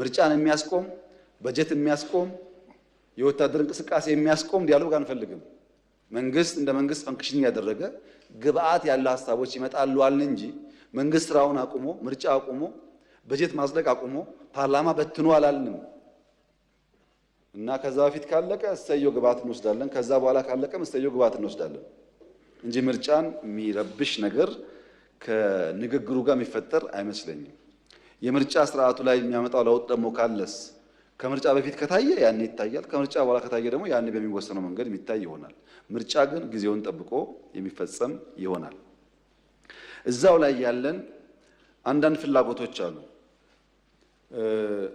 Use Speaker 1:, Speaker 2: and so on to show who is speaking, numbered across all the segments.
Speaker 1: ምርጫን የሚያስቆም በጀት የሚያስቆም የወታደር እንቅስቃሴ የሚያስቆም ዲያሎግ አንፈልግም። መንግስት እንደ መንግስት ፈንክሽን ያደረገ ግብአት ያለ ሀሳቦች ይመጣሉ አልን እንጂ መንግስት ስራውን አቁሞ ምርጫ አቁሞ በጀት ማጽደቅ አቁሞ ፓርላማ በትኖ አላልንም እና ከዛ በፊት ካለቀ እሰየው ግብአት እንወስዳለን፣ ከዛ በኋላ ካለቀም እሰየው ግብአት እንወስዳለን እንጂ ምርጫን የሚረብሽ ነገር ከንግግሩ ጋር የሚፈጠር አይመስለኝም። የምርጫ ስርዓቱ ላይ የሚያመጣው ለውጥ ደግሞ ካለስ ከምርጫ በፊት ከታየ ያኔ ይታያል። ከምርጫ በኋላ ከታየ ደግሞ ያኔ በሚወሰነው መንገድ የሚታይ ይሆናል። ምርጫ ግን ጊዜውን ጠብቆ የሚፈጸም ይሆናል። እዛው ላይ ያለን አንዳንድ ፍላጎቶች አሉ።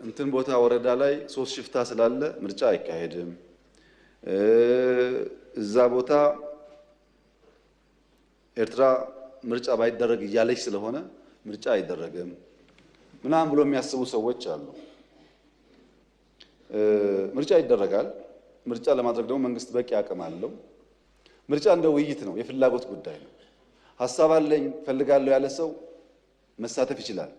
Speaker 1: እንትን ቦታ ወረዳ ላይ ሶስት ሽፍታ ስላለ ምርጫ አይካሄድም። እዛ ቦታ ኤርትራ ምርጫ ባይደረግ እያለች ስለሆነ ምርጫ አይደረግም። ምናምን ብሎ የሚያስቡ ሰዎች አሉ። ምርጫ ይደረጋል። ምርጫ ለማድረግ ደግሞ መንግስት በቂ አቅም አለው። ምርጫ እንደ ውይይት ነው፣ የፍላጎት ጉዳይ ነው። ሀሳብ አለኝ ፈልጋለሁ ያለ ሰው መሳተፍ ይችላል።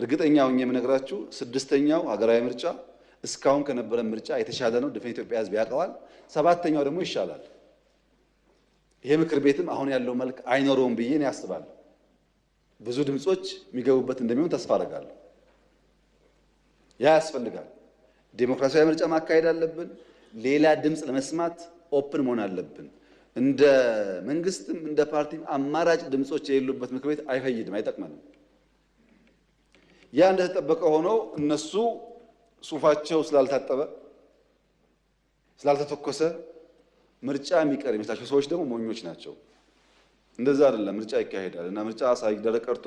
Speaker 1: እርግጠኛ ሆኜ የምነግራችሁ ስድስተኛው ሀገራዊ ምርጫ እስካሁን ከነበረ ምርጫ የተሻለ ነው። ድፍን ኢትዮጵያ ሕዝብ ያውቀዋል። ሰባተኛው ደግሞ ይሻላል። ይሄ ምክር ቤትም አሁን ያለው መልክ አይኖረውም ብዬ ነው ያስባለሁ። ብዙ ድምጾች የሚገቡበት እንደሚሆን ተስፋ አደርጋለሁ። ያ ያስፈልጋል። ዴሞክራሲያዊ ምርጫ ማካሄድ አለብን። ሌላ ድምፅ ለመስማት ኦፕን መሆን አለብን። እንደ መንግስትም እንደ ፓርቲም አማራጭ ድምጾች የሌሉበት ምክር ቤት አይፈይድም፣ አይጠቅመንም። ያ እንደተጠበቀ ሆኖ እነሱ ሱፋቸው ስላልታጠበ ስላልተተኮሰ ምርጫ የሚቀር የሚመስላቸው ሰዎች ደግሞ ሞኞች ናቸው። እንደዛ አይደለም። ምርጫ ይካሄዳል እና ምርጫ ሳይደረግ ቀርቶ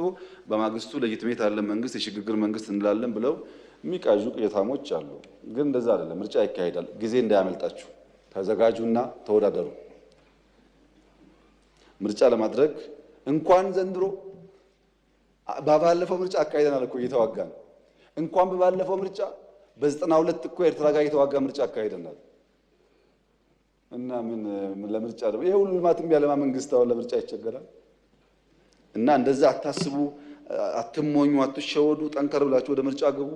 Speaker 1: በማግስቱ ለጅትሜት አለ መንግስት የሽግግር መንግስት እንላለን ብለው የሚቃዡ ቅዠታሞች አሉ። ግን እንደዛ አይደለም። ምርጫ ይካሄዳል። ጊዜ እንዳያመልጣችሁ፣ ተዘጋጁና ተወዳደሩ። ምርጫ ለማድረግ እንኳን ዘንድሮ በባለፈው ምርጫ አካሄደናል እኮ እየተዋጋን እንኳን በባለፈው ምርጫ በዘጠና ሁለት እኮ ኤርትራ ጋር እየተዋጋ ምርጫ አካሄደናል። እና ምን ለምርጫ ደግሞ ይሄ ሁሉ ልማትም ያለማ መንግስት አሁን ለምርጫ ይቸገራል። እና እንደዛ አታስቡ፣ አትሞኙ፣ አትሸወዱ። ጠንከር ብላችሁ ወደ ምርጫ ግቡ።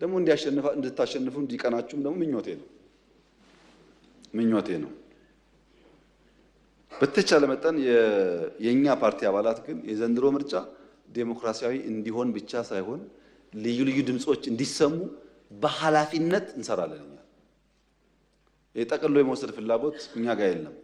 Speaker 1: ደግሞ እንዲያሸንፋ እንድታሸንፉ እንዲቀናችሁም ደግሞ ምኞቴ ነው ምኞቴ ነው። በተቻለ መጠን የኛ ፓርቲ አባላት ግን የዘንድሮ ምርጫ ዴሞክራሲያዊ እንዲሆን ብቻ ሳይሆን ልዩ ልዩ ድምጾች እንዲሰሙ በኃላፊነት እንሰራለን። የጠቅሎ የመውሰድ ፍላጎት እኛ ጋር የለም።